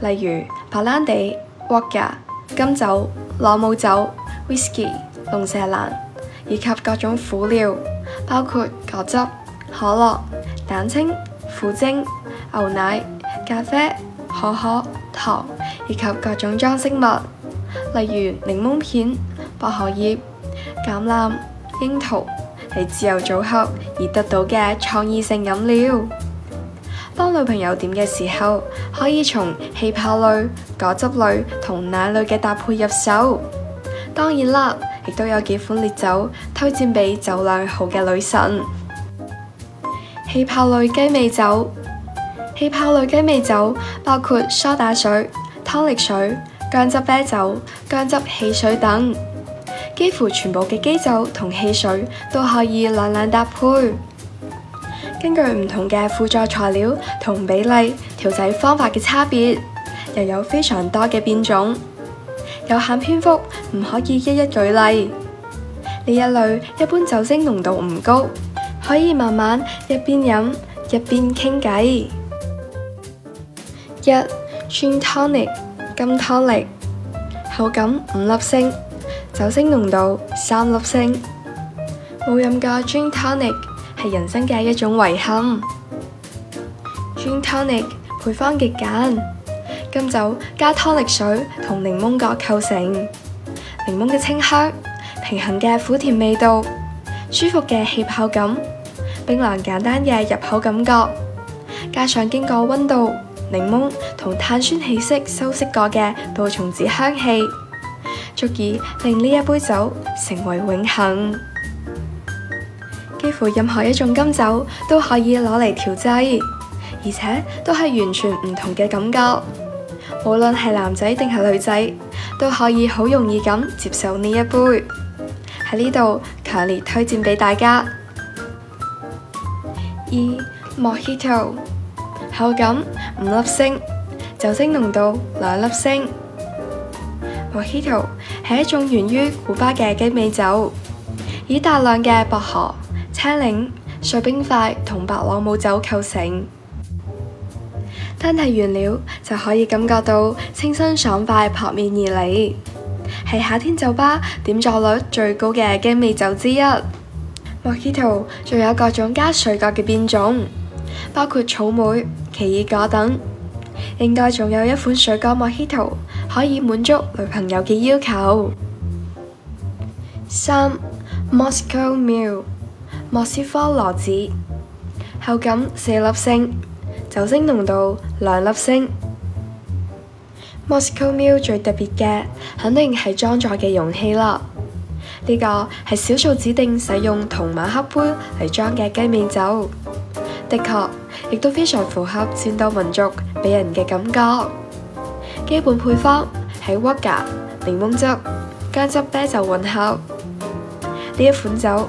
例如白蘭地、Vodka、金酒、朗姆酒、whisky、龍舌蘭，以及各種輔料，包括果汁、可樂、蛋清、苦精、牛奶、咖啡、可可、糖，以及各種裝飾物，例如檸檬片、薄荷葉、橄欖、櫻桃，係自由組合而得到嘅創意性飲料。當女朋友點嘅時候，可以從氣泡類、果汁類同奶類嘅搭配入手。當然啦，亦都有幾款烈酒推薦俾酒量好嘅女神。氣泡類雞尾酒，氣泡類雞尾酒包括梳打水、湯力水、薑汁啤酒、薑汁汽水等，幾乎全部嘅基酒同汽水都可以兩兩搭配。根據唔同嘅輔助材料同比例、調製方法嘅差別，又有非常多嘅變種，有限篇幅唔可以一一舉例。呢一類一般酒精濃度唔高，可以慢慢一邊飲一邊傾偈。一 Gin Tonic 金湯力，口感五粒星，酒精濃度三粒星。冇飲過 Gin Tonic。係人生嘅一種遺憾。金湯力配方極簡，金酒加湯力水同檸檬角構成檸檬嘅清香，平衡嘅苦甜味道，舒服嘅氣泡感，冰涼簡單嘅入口感覺，加上經過温度檸檬同碳酸氣息修飾過嘅杜松子香氣，足以令呢一杯酒成為永恆。幾乎任何一種金酒都可以攞嚟調製，而且都係完全唔同嘅感覺。無論係男仔定係女仔，都可以好容易咁接受呢一杯。喺呢度強烈推薦畀大家。二 Mojito，口感五粒星，酒精濃度兩粒星。Mojito 係一種源於古巴嘅雞尾酒，以大量嘅薄荷、青檸碎冰塊同白朗姆酒構成，單睇原料就可以感覺到清新爽快撲面而嚟，係夏天酒吧點酒率最高嘅雞尾酒之一。Mojito 仲 有各種加水果嘅變種，包括草莓、奇異果等，應該仲有一款水果 Mojito 可以滿足女朋友嘅要求。三 Moscow Mule 莫斯科騾子口感四粒星，酒精濃度兩粒星。莫斯科 Mule 最特別嘅，肯定是裝載嘅容器啦。呢、這個是少數指定使用銅馬克杯嚟裝嘅雞尾酒。的確，亦都非常符合戰鬥民族俾人嘅感覺。基本配方是 vodka、檸檬汁、薑汁啤酒混合呢一款酒。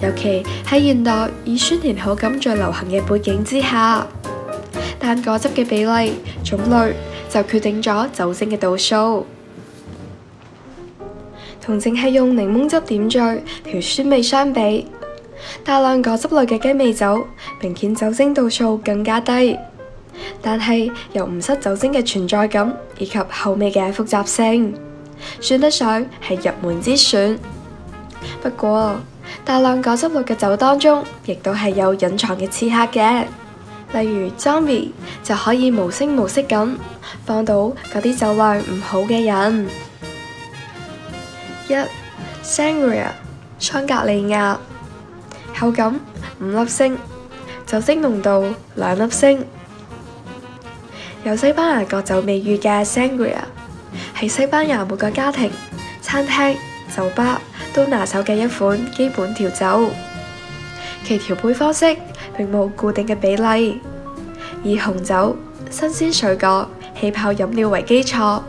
尤其喺現代以酸甜口感最流行嘅背景之下，但果汁嘅比例、種類就決定咗酒精嘅度數。同淨係用檸檬汁點綴調酸味相比，大量果汁類嘅雞尾酒明顯酒精度數更加低，但係又唔失酒精嘅存在感以及後味嘅複雜性，算得上係入門之選。不過，大量果汁類嘅酒當中，亦都係有隱藏嘅刺客嘅，例如 Zombie 就可以無聲無息咁放倒嗰啲酒量唔好嘅人。一 Sangria，桑格利亞，口感五粒星，酒精濃度兩粒星，由西班牙國酒美譽嘅 Sangria，喺西班牙每個家庭餐廳。酒吧都拿手嘅一款基本調酒，其調配方式並無固定嘅比例，以紅酒、新鮮水果、氣泡飲料為基礎，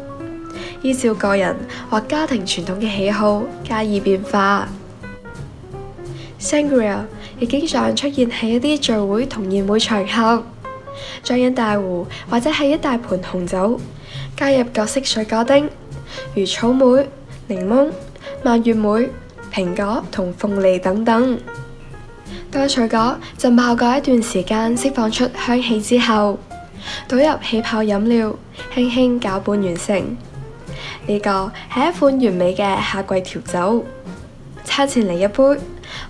依照個人或家庭傳統嘅喜好加以變化。Sangria 亦經常出現喺一啲聚會同宴會場合，將一大壺或者係一大盤紅酒加入各式水果丁，如草莓、檸檬。蔓越莓、蘋果和鳳梨等等，將水果浸泡過一段時間，釋放出香氣之後，倒入起泡飲料，輕輕攪拌完成。呢個係一款完美的夏季調酒，餐前來一杯，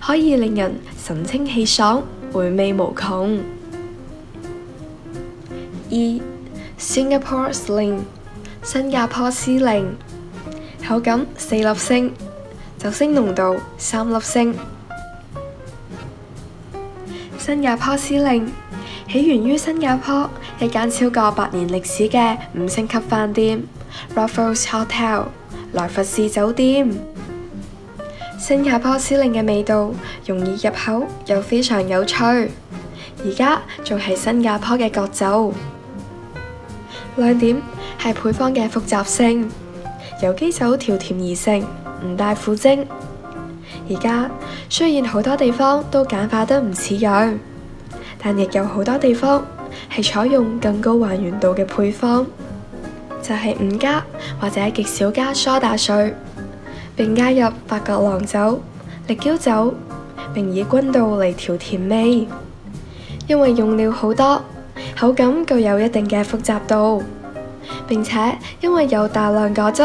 可以令人神清氣爽，回味無窮。二，Singapore Sling，新加坡司令。口感四粒星，酒精濃度三粒星。新加坡司令起源於新加坡一間超過百年歷史嘅五星級飯店 ——Raffles Hotel（ 萊佛士酒店）。新加坡司令嘅味道容易入口又非常有趣，而家仲係新加坡嘅國酒。亮點係配方嘅複雜性。由基酒調甜而成，唔帶苦精。而家雖然好多地方都簡化得唔似樣，但亦有好多地方係採用更高還原度嘅配方，就係唔加或者極少加蘇打水，並加入法國郎酒、力嬌酒，並以均度嚟調甜味。因為用了好多，口感具有一定嘅複雜度，並且因為有大量果汁。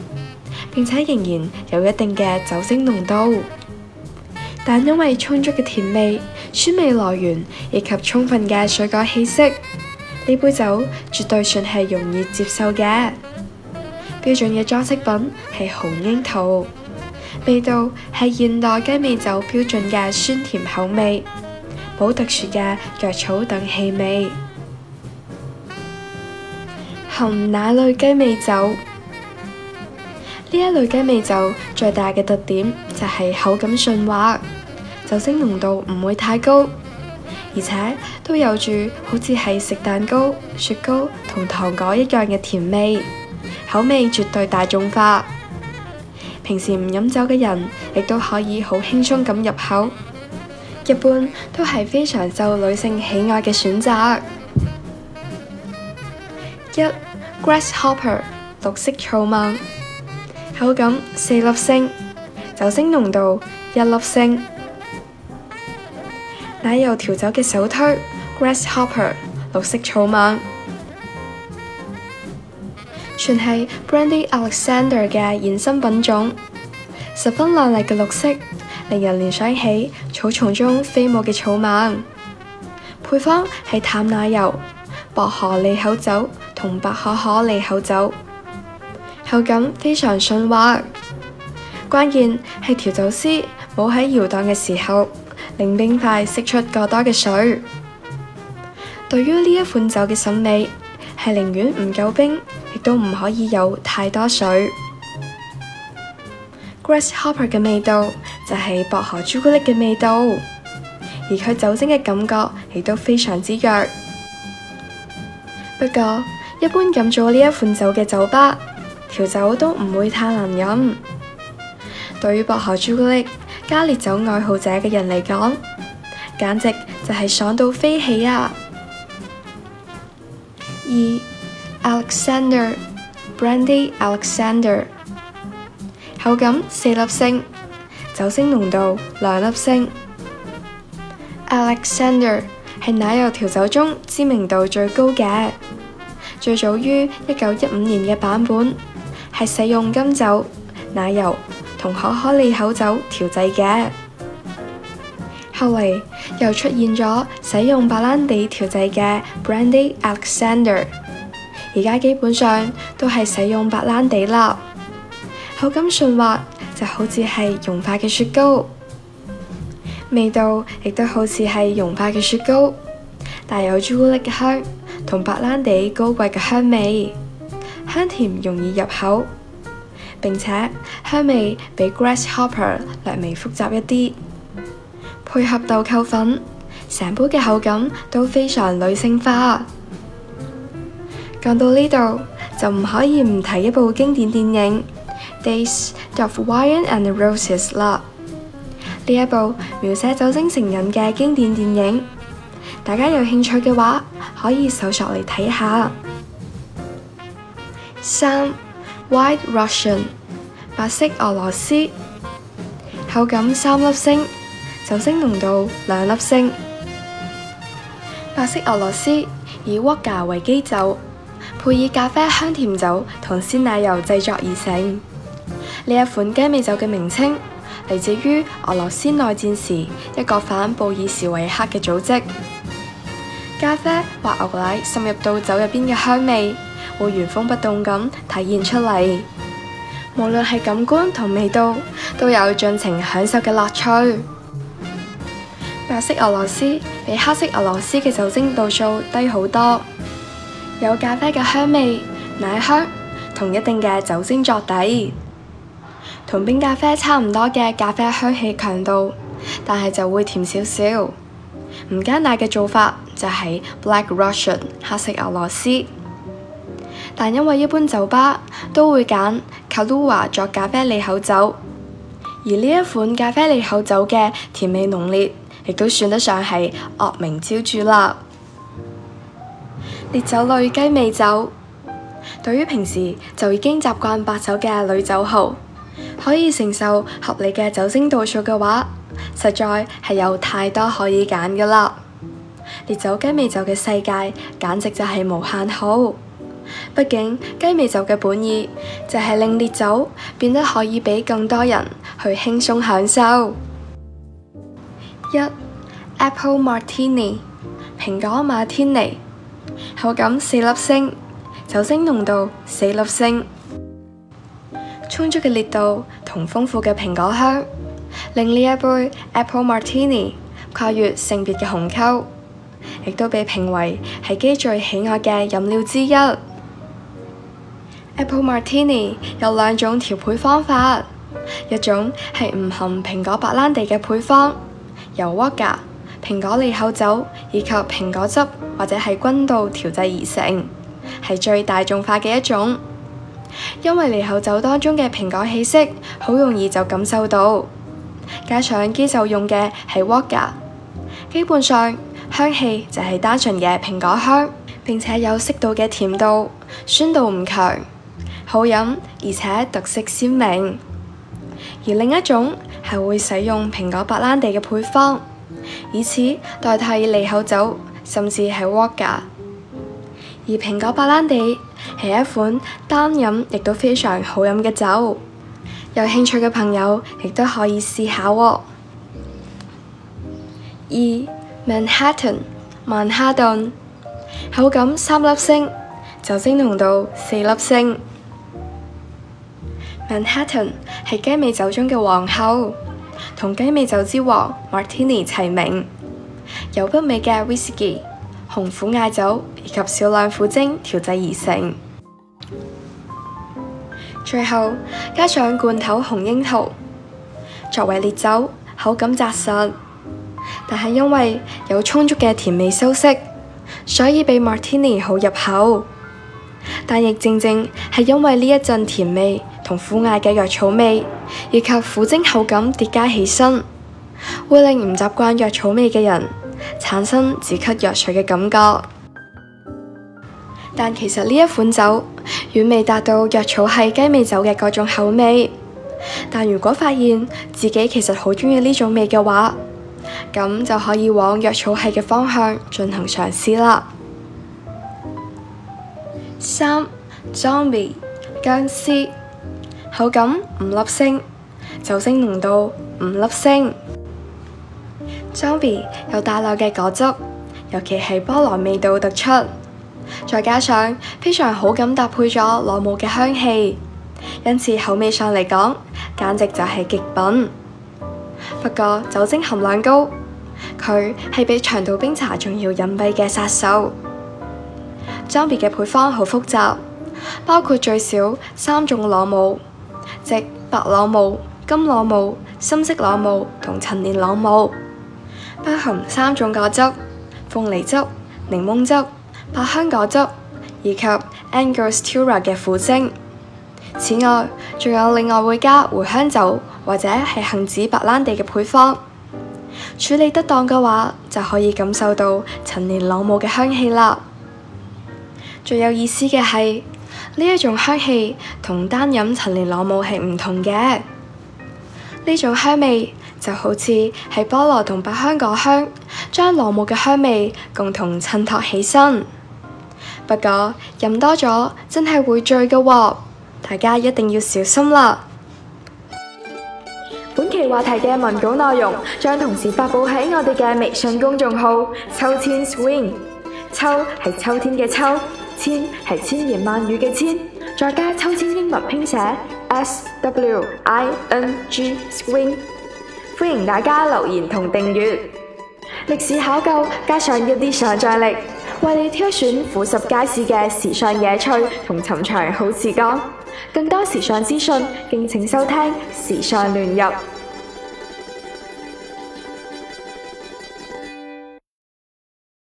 並且仍然有一定嘅酒精濃度，但因為充足嘅甜味、酸味來源以及充分嘅水果氣息，呢杯酒絕對算係容易接受嘅。標準嘅裝飾品係紅櫻桃，味道係現代雞尾酒標準嘅酸甜口味，冇特殊嘅藥草等氣味。含哪類雞尾酒？呢一類雞尾酒最大嘅特點就係口感順滑，酒精濃度唔會太高，而且都有住好似係食蛋糕、雪糕同糖果一樣嘅甜味，口味絕對大眾化。平時唔飲酒嘅人亦都可以好輕鬆咁入口，一般都係非常受女性喜愛嘅選擇。一 Grasshopper 綠色草蜢。口感四粒星，酒精濃度一粒星，奶油調酒嘅首推 Grasshopper（ 綠色草蜢），全係 Brandy Alexander 嘅延伸品種，十分亮麗嘅綠色，令人聯想起草叢中飛舞嘅草蜢。配方係淡奶油、薄荷利口酒同白可可利口酒。口感非常順滑，關鍵係調酒師冇喺搖蕩嘅時候令冰塊釋出過多嘅水。對於呢一款酒嘅審美，係寧願唔夠冰，亦都唔可以有太多水。Grasshopper 嘅味道就係薄荷朱古力嘅味道，而佢酒精嘅感覺亦都非常之弱。不過，一般咁做呢一款酒嘅酒吧。調酒都唔會太難飲。對於薄荷朱古力加烈酒愛好者嘅人嚟講，簡直就係爽到飛起啊！二 Alexander Brandy Alexander，口感四粒星，酒精濃度兩粒星。Alexander 係奶油調酒中知名度最高嘅，最早於一九一五年嘅版本。係使用金酒、奶油同可可利口酒調製嘅，後嚟又出現咗使用白蘭地調製嘅 Brandy Alexander，而家基本上都係使用白蘭地啦。口感順滑就好似係融化嘅雪糕，味道亦都好似係融化嘅雪糕，帶有朱古力嘅香同白蘭地高貴嘅香味。香甜容易入口，並且香味比 grasshopper 略微複雜一啲，配合豆蔻粉，成杯嘅口感都非常女性化。講到呢度，就唔可以唔提一部經典電影《Days of Wine and Roses》啦，呢一部描寫酒精成癮嘅經典電影，大家有興趣嘅話，可以搜索嚟睇下。三 White Russian 白色俄羅斯，口感三粒星，酒精濃度兩粒星。白色俄羅斯以伏特加為基酒，配以咖啡香甜酒同鮮奶油製作而成。呢一款雞尾酒嘅名稱，嚟自於俄羅斯內戰時一個反布爾什維克嘅組織。咖啡或牛奶滲入到酒入邊嘅香味，會原封不動咁體現出嚟，無論係感官同味道，都有盡情享受嘅樂趣。白色俄羅斯比黑色俄羅斯嘅酒精度數低好多，有咖啡嘅香味、奶香同一定嘅酒精作底，同冰咖啡差唔多嘅咖啡香氣強度，但係就會甜少少。唔加奶嘅做法就係 Black Russian，黑色俄羅斯。但因為一般酒吧都會揀卡露瓦作咖啡利口酒，而呢一款咖啡利口酒嘅甜味濃烈，亦都算得上係惡名昭著啦。烈酒類雞尾酒，對於平時就已經習慣白酒嘅女酒豪，可以承受合理嘅酒精度數嘅話，實在係有太多可以揀㗎啦。烈酒雞尾酒嘅世界，簡直就係無限好。畢竟雞尾酒嘅本意就係令烈酒變得可以俾更多人去輕鬆享受。一 Apple Martini 蘋果馬天尼口感四粒星，酒精濃度四粒星，充足嘅烈度同豐富嘅蘋果香，令呢一杯 Apple Martini 跨越性別嘅鴻溝，亦都被評為係基最喜愛嘅飲料之一。Apple Martini 有兩種調配方法，一種係唔含蘋果白蘭地嘅配方，由 Vodka、蘋果利口酒以及蘋果汁或者係君度調製而成，係最大眾化嘅一種。因為利口酒當中嘅蘋果氣息好容易就感受到，加上基酒用嘅係 Vodka，基本上香氣就係單純嘅蘋果香，並且有適度嘅甜度，酸度唔強。好飲，而且特色鮮明。而另一種係會使用蘋果白蘭地嘅配方，以此代替利口酒，甚至係 Vodka。而蘋果白蘭地係一款單飲亦都非常好飲嘅酒，有興趣嘅朋友亦都可以試下哦。二 Manhattan 曼哈頓，口感三粒星，酒精濃度四粒星。Manhattan 係雞尾酒中嘅皇后，同雞尾酒之王 Martini 齊名。由北美嘅 whisky、紅苦艾酒以及少量苦精調製而成。 最後加上罐頭紅櫻桃作為烈酒，口感紮實。但係因為有充足嘅甜味修飾，所以比 Martini 好入口。但亦正正係因為呢一陣甜味。同苦艾嘅藥草味，以及苦精口感疊加起身，會令唔習慣藥草味嘅人產生止咳藥水嘅感覺。但其實呢一款酒遠未達到藥草系雞尾酒嘅嗰種口味。但如果發現自己其實好中意呢種味嘅話，咁就可以往藥草系嘅方向進行嘗試啦。三，Zombie 僵屍。口感五粒星，酒精濃度五粒星。Zombie 有大量嘅果汁，尤其係菠蘿味道突出，再加上非常好噉搭配咗朗姆嘅香氣，因此口味上嚟講，簡直就係極品。不過酒精含量高，佢係比長島冰茶仲要隱蔽嘅殺手。Zombie 嘅配方好複雜，包括最少三種朗姆。即白朗姆、金朗姆、深色朗姆同陳年朗姆，包含三種果汁：鳳梨汁、檸檬汁、百香果汁，以及 Angostura 嘅苦精。此外，仲有另外會加茴香酒或者係杏子白蘭地嘅配方。處理得當嘅話，就可以感受到陳年朗姆嘅香氣啦。最有意思嘅係。呢一種香氣同單飲陳年羅姆係唔同嘅，呢種香味就好似係菠蘿同百香果香，將羅姆嘅香味共同襯托起身。不過飲多咗真係會醉嘅哦，大家一定要小心啦。本期話題嘅文稿內容將同時發佈喺我哋嘅微信公眾號“秋千 swing”，秋是秋天嘅秋。千係千言萬語嘅千，再加秋千英文拼寫 S W I N G Swing。歡迎大家留言同訂閱。歷史考究加上一啲想象力，為你挑選富十街市嘅時尚野趣同尋常好時光。更多時尚資訊，敬請收聽《時尚亂入》。